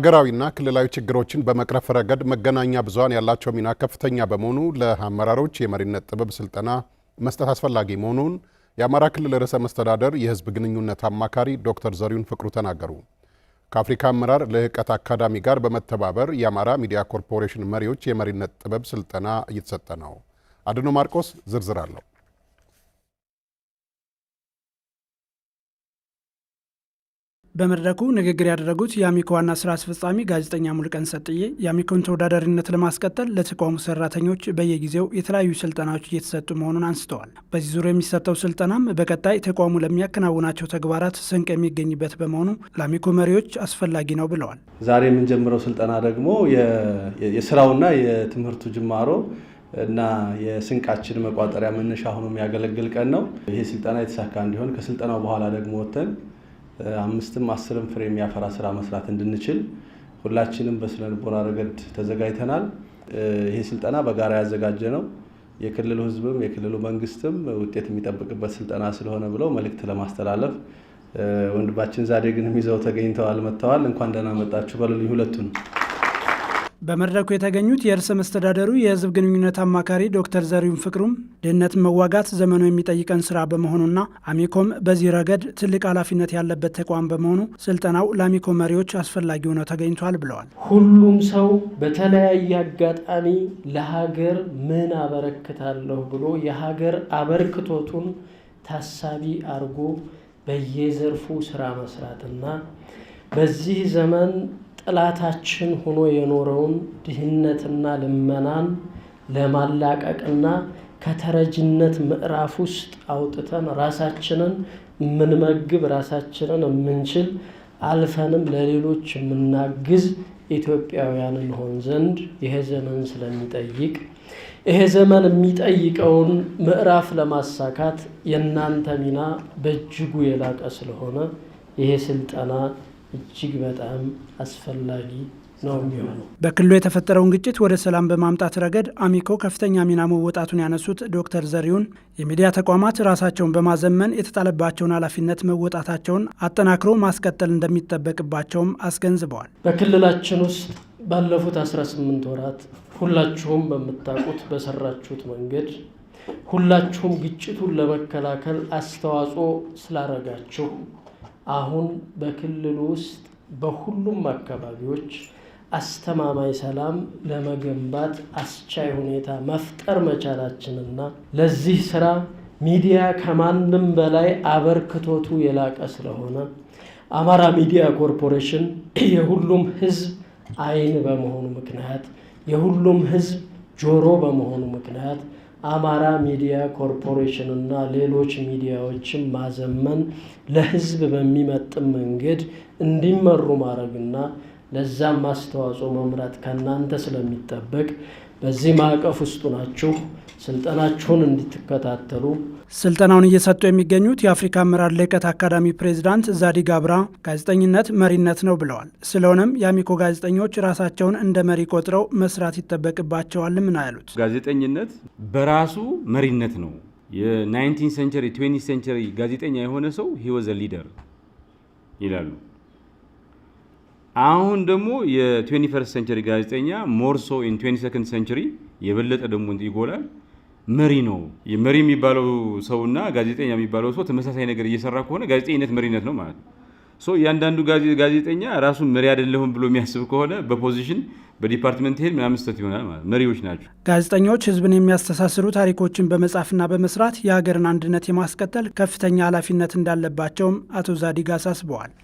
ሀገራዊና ክልላዊ ችግሮችን በመቅረፍ ረገድ መገናኛ ብዙሃን ያላቸው ሚና ከፍተኛ በመሆኑ ለአመራሮች የመሪነት ጥበብ ስልጠና መስጠት አስፈላጊ መሆኑን የአማራ ክልል ርዕሰ መስተዳደር የሕዝብ ግንኙነት አማካሪ ዶክተር ዘሪሁን ፍቅሩ ተናገሩ። ከአፍሪካ አመራር ልህቀት አካዳሚ ጋር በመተባበር የአማራ ሚዲያ ኮርፖሬሽን መሪዎች የመሪነት ጥበብ ስልጠና እየተሰጠ ነው። አድኖ ማርቆስ ዝርዝር አለው። በመድረኩ ንግግር ያደረጉት የአሚኮ ዋና ስራ አስፈጻሚ ጋዜጠኛ ሙልቀን ሰጥዬ የአሚኮን ተወዳዳሪነት ለማስቀጠል ለተቋሙ ሰራተኞች በየጊዜው የተለያዩ ስልጠናዎች እየተሰጡ መሆኑን አንስተዋል። በዚህ ዙሪያ የሚሰጠው ስልጠናም በቀጣይ ተቋሙ ለሚያከናውናቸው ተግባራት ስንቅ የሚገኝበት በመሆኑ ለአሚኮ መሪዎች አስፈላጊ ነው ብለዋል። ዛሬ የምንጀምረው ስልጠና ደግሞ የስራውና የትምህርቱ ጅማሮ እና የስንቃችን መቋጠሪያ መነሻ ሆኖ የሚያገለግል ቀን ነው። ይሄ ስልጠና የተሳካ እንዲሆን ከስልጠናው በኋላ ደግሞ ወተን አምስትም አስርም ፍሬ የሚያፈራ ስራ መስራት እንድንችል ሁላችንም በስነ ልቦና ረገድ ተዘጋጅተናል። ይህ ስልጠና በጋራ ያዘጋጀ ነው። የክልሉ ህዝብም የክልሉ መንግስትም ውጤት የሚጠብቅበት ስልጠና ስለሆነ ብለው መልእክት ለማስተላለፍ ወንድማችን ግን ይዘው ተገኝተዋል፣ መጥተዋል። እንኳን ደህና መጣችሁ በሉልኝ ሁለቱን በመድረኩ የተገኙት የርዕሰ መስተዳደሩ የሕዝብ ግንኙነት አማካሪ ዶክተር ዘሪሁን ፍቅሩም ድህነት መዋጋት ዘመኑ የሚጠይቀን ስራ በመሆኑና አሚኮም በዚህ ረገድ ትልቅ ኃላፊነት ያለበት ተቋም በመሆኑ ስልጠናው ለአሚኮ መሪዎች አስፈላጊ ሆነው ተገኝቷል ብለዋል። ሁሉም ሰው በተለያየ አጋጣሚ ለሀገር ምን አበረክታለሁ ብሎ የሀገር አበርክቶቱን ታሳቢ አድርጎ በየዘርፉ ስራ መስራትና በዚህ ዘመን ጠላታችን ሆኖ የኖረውን ድህነትና ልመናን ለማላቀቅና ከተረጅነት ምዕራፍ ውስጥ አውጥተን ራሳችንን የምንመግብ ራሳችንን የምንችል አልፈንም ለሌሎች የምናግዝ ኢትዮጵያውያን እንሆን ዘንድ ይሄ ዘመን ስለሚጠይቅ ይሄ ዘመን የሚጠይቀውን ምዕራፍ ለማሳካት የእናንተ ሚና በእጅጉ የላቀ ስለሆነ ይሄ ስልጠና እጅግ በጣም አስፈላጊ ነው የሚሆነው። በክልሉ የተፈጠረውን ግጭት ወደ ሰላም በማምጣት ረገድ አሚኮ ከፍተኛ ሚና መወጣቱን ያነሱት ዶክተር ዘሪሁን የሚዲያ ተቋማት ራሳቸውን በማዘመን የተጣለባቸውን ኃላፊነት መወጣታቸውን አጠናክሮ ማስቀጠል እንደሚጠበቅባቸውም አስገንዝበዋል። በክልላችን ውስጥ ባለፉት 18 ወራት ሁላችሁም በምታውቁት በሰራችሁት መንገድ ሁላችሁም ግጭቱን ለመከላከል አስተዋጽኦ ስላረጋችሁ አሁን በክልሉ ውስጥ በሁሉም አካባቢዎች አስተማማኝ ሰላም ለመገንባት አስቻይ ሁኔታ መፍጠር መቻላችንና ለዚህ ስራ ሚዲያ ከማንም በላይ አበርክቶቱ የላቀ ስለሆነ አማራ ሚዲያ ኮርፖሬሽን የሁሉም ሕዝብ አይን በመሆኑ ምክንያት የሁሉም ሕዝብ ጆሮ በመሆኑ ምክንያት አማራ ሚዲያ ኮርፖሬሽን እና ሌሎች ሚዲያዎችን ማዘመን ለህዝብ በሚመጥን መንገድ እንዲመሩ ማድረግና ለዛም አስተዋጽኦ መምራት ከእናንተ ስለሚጠበቅ በዚህ ማዕቀፍ ውስጡ ናችሁ ስልጠናችሁን እንድትከታተሉ ስልጠናውን እየሰጡ የሚገኙት የአፍሪካ አመራር ልህቀት አካዳሚ ፕሬዚዳንት ዛዲ ጋብራ ጋዜጠኝነት መሪነት ነው ብለዋል። ስለሆነም የአሚኮ ጋዜጠኞች ራሳቸውን እንደ መሪ ቆጥረው መስራት ይጠበቅባቸዋል። ምን ያሉት። ጋዜጠኝነት በራሱ መሪነት ነው። የ19 ሴንቸሪ 20 ሴንቸሪ ጋዜጠኛ የሆነ ሰው ሂወዘ ሊደር ይላሉ አሁን ደግሞ የትዌንቲ ፈርስት ሴንቸሪ ጋዜጠኛ ሞርሶ ኢን 22 ሰከንድ ሴንቸሪ የበለጠ ደግሞ ይጎላል። መሪ ነው። መሪ የሚባለው ሰውና ጋዜጠኛ የሚባለው ሰው ተመሳሳይ ነገር እየሰራ ከሆነ ጋዜጠኝነት መሪነት ነው ማለት ነው። እያንዳንዱ ጋዜጠኛ ራሱን መሪ አይደለሁም ብሎ የሚያስብ ከሆነ በፖዚሽን በዲፓርትመንት ሄድ ምናምን ስህተት ይሆናል ማለት ነው። መሪዎች ናቸው። ጋዜጠኞች ህዝብን የሚያስተሳስሩ ታሪኮችን በመጻፍና በመስራት የሀገርን አንድነት የማስቀጠል ከፍተኛ ኃላፊነት እንዳለባቸውም አቶ ዛዲግ አሳስበዋል።